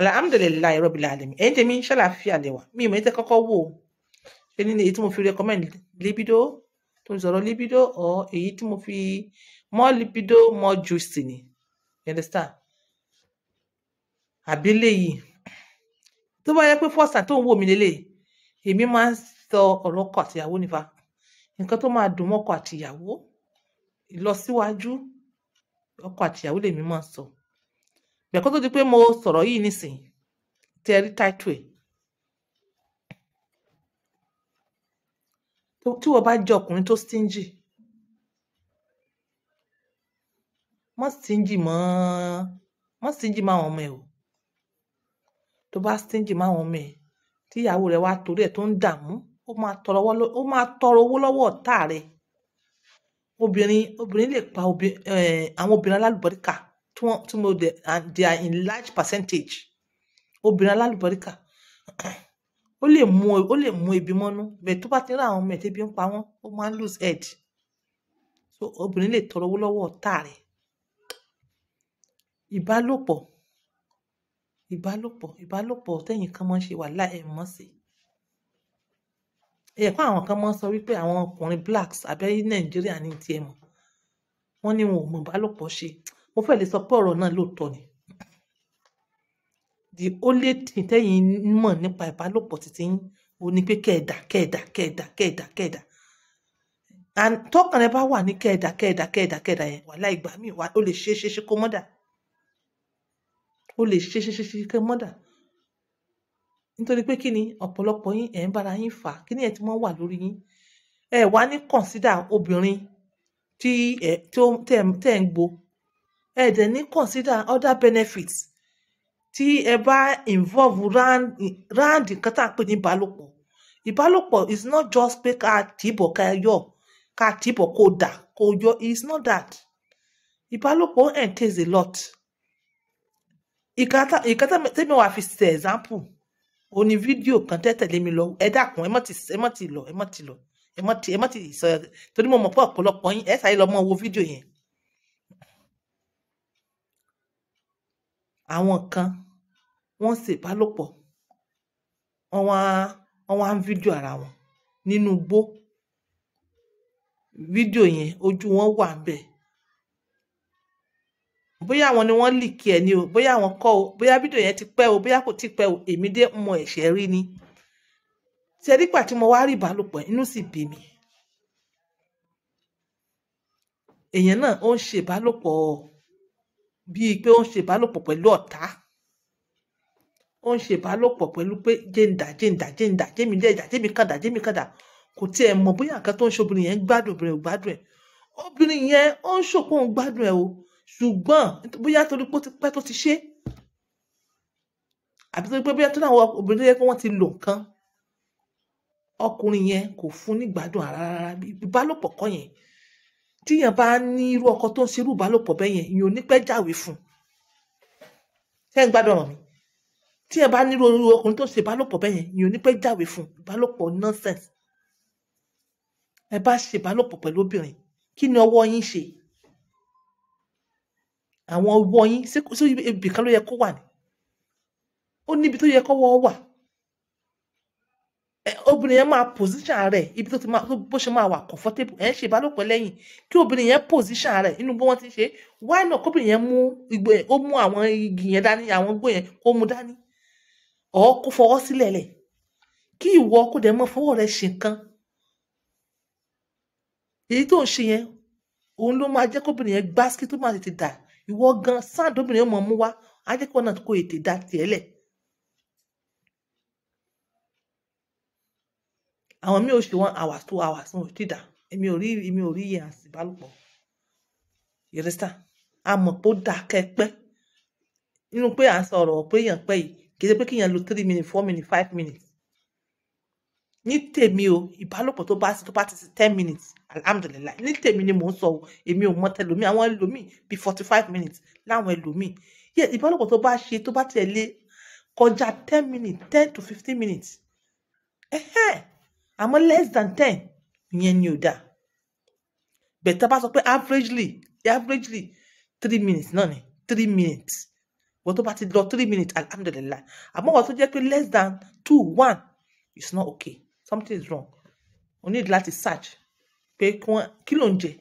alhamdulilayi rọ́bìlà àlẹ́mí ẹ̀yin tèmi ṣàlàáfíà lẹ́wà mi ò mọ̀ ẹ́ tẹ́ kọ́kọ́ wò ó ṣe ní èyí tí mo fi recommend libido tó ń sọ̀rọ̀ libido or èyí tí mo fi more libido more juice ni you understand àbí léyìí tó bá yẹ pé first time tó ń wò mí lélẹ̀ èmi máa ń sọ ọ̀rọ̀ ọkọ àtìyàwó nípa nǹkan tó máa dùn mọ́kọ àtìyàwó ìlọsíwájú ọkọ àtìyàwó lèmi máa ń sọ. So bẹ̀kọ́ tó di pé mo sọ̀rọ̀ yìí nísìn tí ẹ rí táìtù ẹ̀ tí wọ́n bá jẹ́ ọkùnrin tó stingy mọ́ stingy mọ́ mọ́ stingy má wọn ọmọ ẹ̀ o tó bá stingy má wọn ọmọ ẹ̀ tí ìyàwó rẹ̀ wá torí ẹ̀ tó ń dààmú ó máa tọrọ owó lọ́wọ́ ọ̀tá rẹ̀ obìnrin obìnrin lè pa àwọn obìnrin alálùbọ́ríkà want to know the, and they are in large percentage obìnrin alálùbọ́ríkà ó lè mú ó lè mú ebi mọ́nú bẹ́ẹ̀ tó bá ti rí àwọn ọmọ ẹ̀ tẹ́bi ń pa wọ́n ó máa ń lose head so obìnrin lè tọrọ owó lọ́wọ́ ọ̀tá rẹ̀ ìbálòpọ̀ ìbálòpọ̀ ìbálòpọ̀ tẹ́yìn kan máa ń ṣe wàhálà ẹ̀ mọ́ sí ẹ̀yẹ̀ kọ́ àwọn kan máa ń sọ wípé àwọn ọkùnrin blacks abẹ́rẹ́ nàìjíríà ní tiẹ̀ mọ̀ wọ́n ní wọn ò mọ̀ ìbálòpọ̀ ṣe mo fẹ́ lè sọ pé ọ̀rọ̀ náà lóòótọ́ ni the only thing tẹ́yìn mọ̀ nípa ìbálòpọ̀ títí yín o ní pé kẹ́ẹ̀dà kẹ́ẹ̀dà kẹ́ẹ̀dà kẹ́ẹ̀dà kẹ́ẹ̀dà and tọkàn rẹ bá wà ní kẹ́ẹ̀dà kẹ́ẹ̀dà kẹ́ẹ̀dà kẹ́ẹ̀dà yẹn wà láì gbà mí wà ó lè ṣe é ṣe é ṣe kó mọ́dà ó lè ṣe é ṣe é ṣe kó mọ́dà nítorí pé kí ni ọ̀pọ̀lọpọ̀ yín ẹ̀ ń bára yín fà kí ni ẹ̀ tí wọ́n wà lórí yín ẹ̀ wá ní kọ̀ǹsídà obìnrin tí ẹ̀ tẹ́ ń gbo ẹ dẹ̀ ní consider other benefits tí ẹ bá involve round round nǹkan tá à ń pè ní ìbálòpọ̀ ìbálòpọ̀ is not just pé ká tìbọ̀ ká yọ ká tìbọ̀ kó dà kó yọ it's not that ìbálòpọ̀ entails a lot ìkàtà ìkàtà tẹ́mi wà fi ṣe example ó ní fídíò kan tẹ́tẹ̀lé mi lọ ẹ dákun ẹ má ti ẹ má ti lọ ẹ má ti lọ ẹ má ti ẹ má ti sọ torí mo mọ̀ pé ọ̀pọ̀lọpọ̀ yín ẹ sáré lọ wo fídíò yẹn àwọn kan wọ́n se ìbálòpọ̀ wọ́n wá wọ́n wá ń fídíò ara wọn nínú igbó fídíò yẹn ojú wọn wà ńbẹ̀ bóyá àwọn ni wọ́n lìkì ẹ ni o bóyá àwọn kọ́ o bóyá fídíò yẹn ti pẹ́ o bóyá kò ti pẹ́ o èmi dé mọ ẹ̀ṣẹ̀ rí ni ṣe nígbà tí mo wá rí ìbálòpọ̀ inú sì bí mi èèyàn náà ó ń ṣe ìbálòpọ̀ ọ́ bíi pé ó ń ṣe ìbálòpọ̀ pẹ̀lú ọ̀tá ó ń ṣe ìbálòpọ̀ pẹ̀lú pé jẹ́ǹdà jẹ́ǹdà jẹ́ǹdà jẹ́mi jẹ́ǹdà jẹ́mi kàdà jẹ́mi kàdà kò tiẹ̀ mọ̀ bóyá nǹkan tó ń ṣe obìnrin yẹn gbádùn obìnrin ò gbádùn ẹ̀ obìnrin yẹn ó ń ṣòpọ̀ òun gbádùn ẹ̀ o ṣùgbọ́n bóyá torí pé ó ti pẹ́ tó ti ṣe àbí torí pé bóyá tó láwọn obìnrin yẹn pé wọ́n ti lò nǹkan ọkùnrin yẹn kò fún ní gbádùn rárá ìbálòpọ̀ kọ́ yẹn tíyàn bá ní irú ọkọ tó ń ṣerú ìbálòpọ̀ bẹ́ẹ̀ yẹn ìyẹn ò ní pẹ́ jáwé fún ṣé ń gbádùn ọ̀rọ̀ mi tíyàn bá ní irú ọkùnrin tó ń ṣe ìbálòpọ̀ bẹ́ẹ̀ yẹn ìyẹn ò ní pẹ́ jáwé fún ìbálòpọ̀ nonsense ẹ bá ṣe ìbálòpọ̀ pẹ̀lú obìnrin kí ni ọwọ́ yín ṣe àwọn ọwọ́ yín sí ibì kan ló yẹ kó wà ní ó níbi tó yẹ kó wọ́ wà Eh, obìnrin yẹn máa position rẹ̀ ibi tó ti máa bó ṣe máa wà comfortable ẹ̀ ń ṣe ìbálòpọ̀ lẹ́yìn kí obìnrin yẹn position rẹ̀ nínú bí wọ́n ti ṣe why not kóbìnrin yẹn mú igbó yẹn ó mú àwọn igi yẹn dání àwọn igbó yẹn ó mú dání ọ̀ kó fọwọ́ sílẹ̀ lẹ̀ kí ìwọ kó dẹ̀ mọ́ fọwọ́ rẹ̀ ṣe nǹkan èyí tó ń ṣe yẹn òun ló máa jẹ́ kóbìnrin yẹn gbásíkì tó máa tètè dà ìwọ gan sáà tóbìnrin yẹn mọ̀ mú wá á jẹ́ kí wọn náà kó ètè dà tiẹ̀ lẹ̀ àwọn mi ò ṣe one hour two hours wọn ò ti dà èmi ò rí èmi ò rí iye àsì ìbálòpọ̀ yẹrẹsà àmọ́ pé ó dà kẹpẹ́ nínú pé à ń sọ̀rọ̀ pé èèyàn pẹ́ yìí kì í ṣe pé kí èèyàn lo three minutes four minutes five minutes ní tèmi o ìbálòpọ̀ tó bá tó bá ti sí ten minutes alhamdulilayi ní tèmi ni mò ń sọ o èmi ò mọ tẹlómi àwọn ẹlòmíì bíi forty five minutes láwọn ẹlòmíì yẹ ìbálòpọ̀ tó bá ṣe tó bá tiẹ̀ lé kọjá ten minutes ten to fifteen minutes. Eh, eh àmọ́ less than ten ìyẹn ni ò dáa bẹ̀tẹ̀ bá sọ pé averagely averagely three minutes náà ni three minutes wọ́n tó bá ti lọ three minutes alhamdulillah àmọ́ wọ́n tó jẹ́ pé less than two one it's not okay something is wrong o need láti search pé kí ló ń jẹ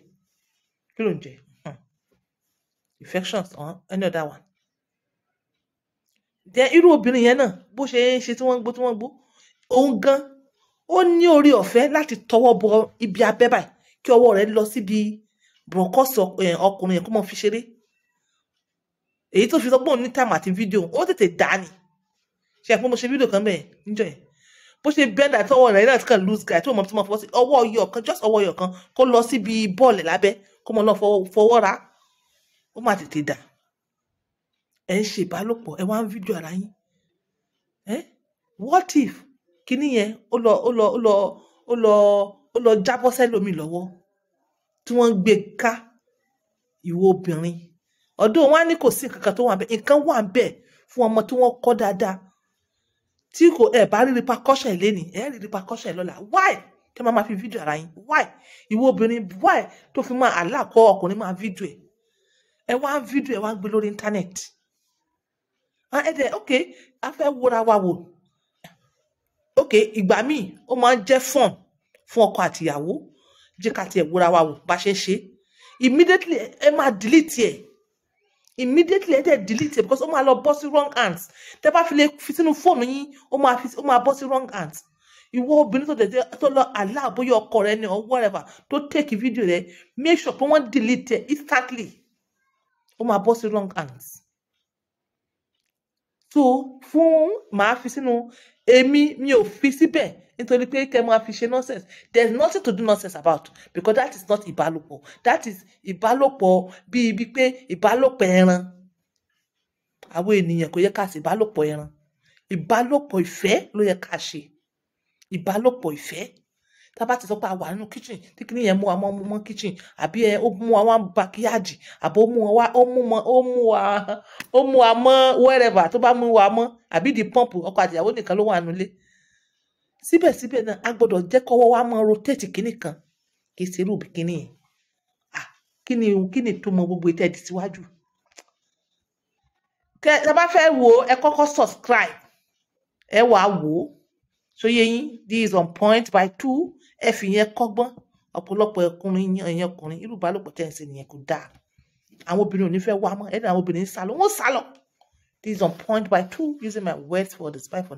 kí ló ń jẹ hmm. infections or uh-huh. any other one then irú obìnrin yẹn náà bó ṣe ń ṣe tí wọ́n ń gbó tí wọ́n ń gbó òun gan ó ní orí ọ̀fẹ́ láti tọwọ́ bọ ibi abẹ́ báyìí kí ọwọ́ rẹ̀ lọ síbi bùrọ̀kọ́sì eh, ọkùnrin yẹn kó mọ̀ fi ṣeré èyí tó fi sọ pé òun ní táìmù àti fídíò ó tètè dá ni ṣe àpò mo ṣe fídíò kan bẹ́ẹ̀ níjọ yẹn bó ṣe bẹ́ẹ̀dà tọwọ́ rẹ̀ náà kàn lose guy tó mọ̀ tó mọ̀ fọwọ́ sí ọwọ́ ọyọ kan just ọwọ́ ọyọ kan kó lọ síbi bọ́ọ̀lù lábẹ́ kó mọ̀ lọ fọwọ́ ra ó má tètè dà ẹ̀ ń ṣe ìbálòpọ̀ ẹ̀ wá ń fídíò ara yín ẹ̀ what if kinní yẹn ó lọ ó lọ ó lọ ó lọ ó lọ jábọ́ sẹ́lòmí lọ́wọ́ tí wọ́n ń gbé ká ìwọ obìnrin ọ̀dọ̀ wọn á ní kò sí nǹkan kan tó wà bẹ́ẹ̀ nǹkan wà bẹ́ẹ̀ fún ọmọ tí wọ́n kọ́ dáadáa tí kò ẹ bá rí repercussion lẹ́nìí ẹ rí repercussion lọ́la why kí ẹ máa máa fi fídíò ara yín why ìwọ obìnrin why tó fi máa aláàkọ ọkùnrin máa fídíò ẹ ẹ wá ń fídíò ẹ wá ń gbé lórí íńtánẹ́ẹ̀tì ẹ dẹ ok a fẹ́ wúra wa wò ok ìgbà míì ó máa ń jẹ́ fun fún ọkọ àtìyàwó jẹ́ ká tiẹ̀ wúra wa wò bá ṣe ń ṣe immediately ẹ máa delete ẹ̀ immediately ẹ dẹ̀ delete ẹ̀ because ó máa lọ bọ́ sí wrong hands tẹ́ bá fi lè fi sínú fóònù yín ó máa fi ó máa bọ́ sí wrong hands ìwọ obìnrin tó dẹ̀dẹ̀ tó lọ aláàbóyọ ọkọ rẹ ni or whatever tó take video rẹ make sure pé wọ́n delete ẹ̀ instantly ó máa bọ́ sí wrong hands so fún màá fi sínú èmi mi ò fi síbẹ̀ nítorí pé kẹ́ máa fi ṣe nonsense there is nothing to do nonsense about because that is not ìbálòpọ̀ that is ìbálòpọ̀ bíi bíi pé ìbálòpọ̀ ẹran àwọn ènìyàn kò yẹ ká ṣe ìbálòpọ̀ ẹran ìbálòpọ̀ ìfẹ́ ló yẹ ká ṣe ìbálòpọ̀ ìfẹ́ tá a bá ti sọ pé a wà nínú kitchen tí kinní yẹn mú wa mọ́ mọ́ kitchen àbí ẹ ó mú wa wá backyard àbí ó mú wa ó mú wa ó mú wa ó mú wa mọ́ wherever tó bá mú wa mọ́ àbí di pump ọkọ àtìyàwó nìkan ló wà nulẹ̀ síbẹ̀síbẹ̀ náà a gbọ́dọ̀ jẹ́ kọ́wọ́ wa mọ́ rotate kinní kan kì í ṣe irú kinní yẹn kí ni kí ni tó mọ gbogbo ètò ẹ̀dì síwájú tẹ ẹ bá fẹ́ wo ẹ kọ́kọ́ subscribe ẹ wàá wò so yé this is on point by two ẹ fi yẹn kọ́gbọ́n ọ̀pọ̀lọpọ̀ ẹkùnrin ẹ̀yìn ọkùnrin irú ìbálòpọ̀ tẹ̀ ń ṣe nìyẹn kò dáa àwọn obìnrin ò ní fẹ́ wá mọ́ ẹ̀dá àwọn obìnrin ń sálọ wọ́n sálọ this is on point by two using my words for the spy for.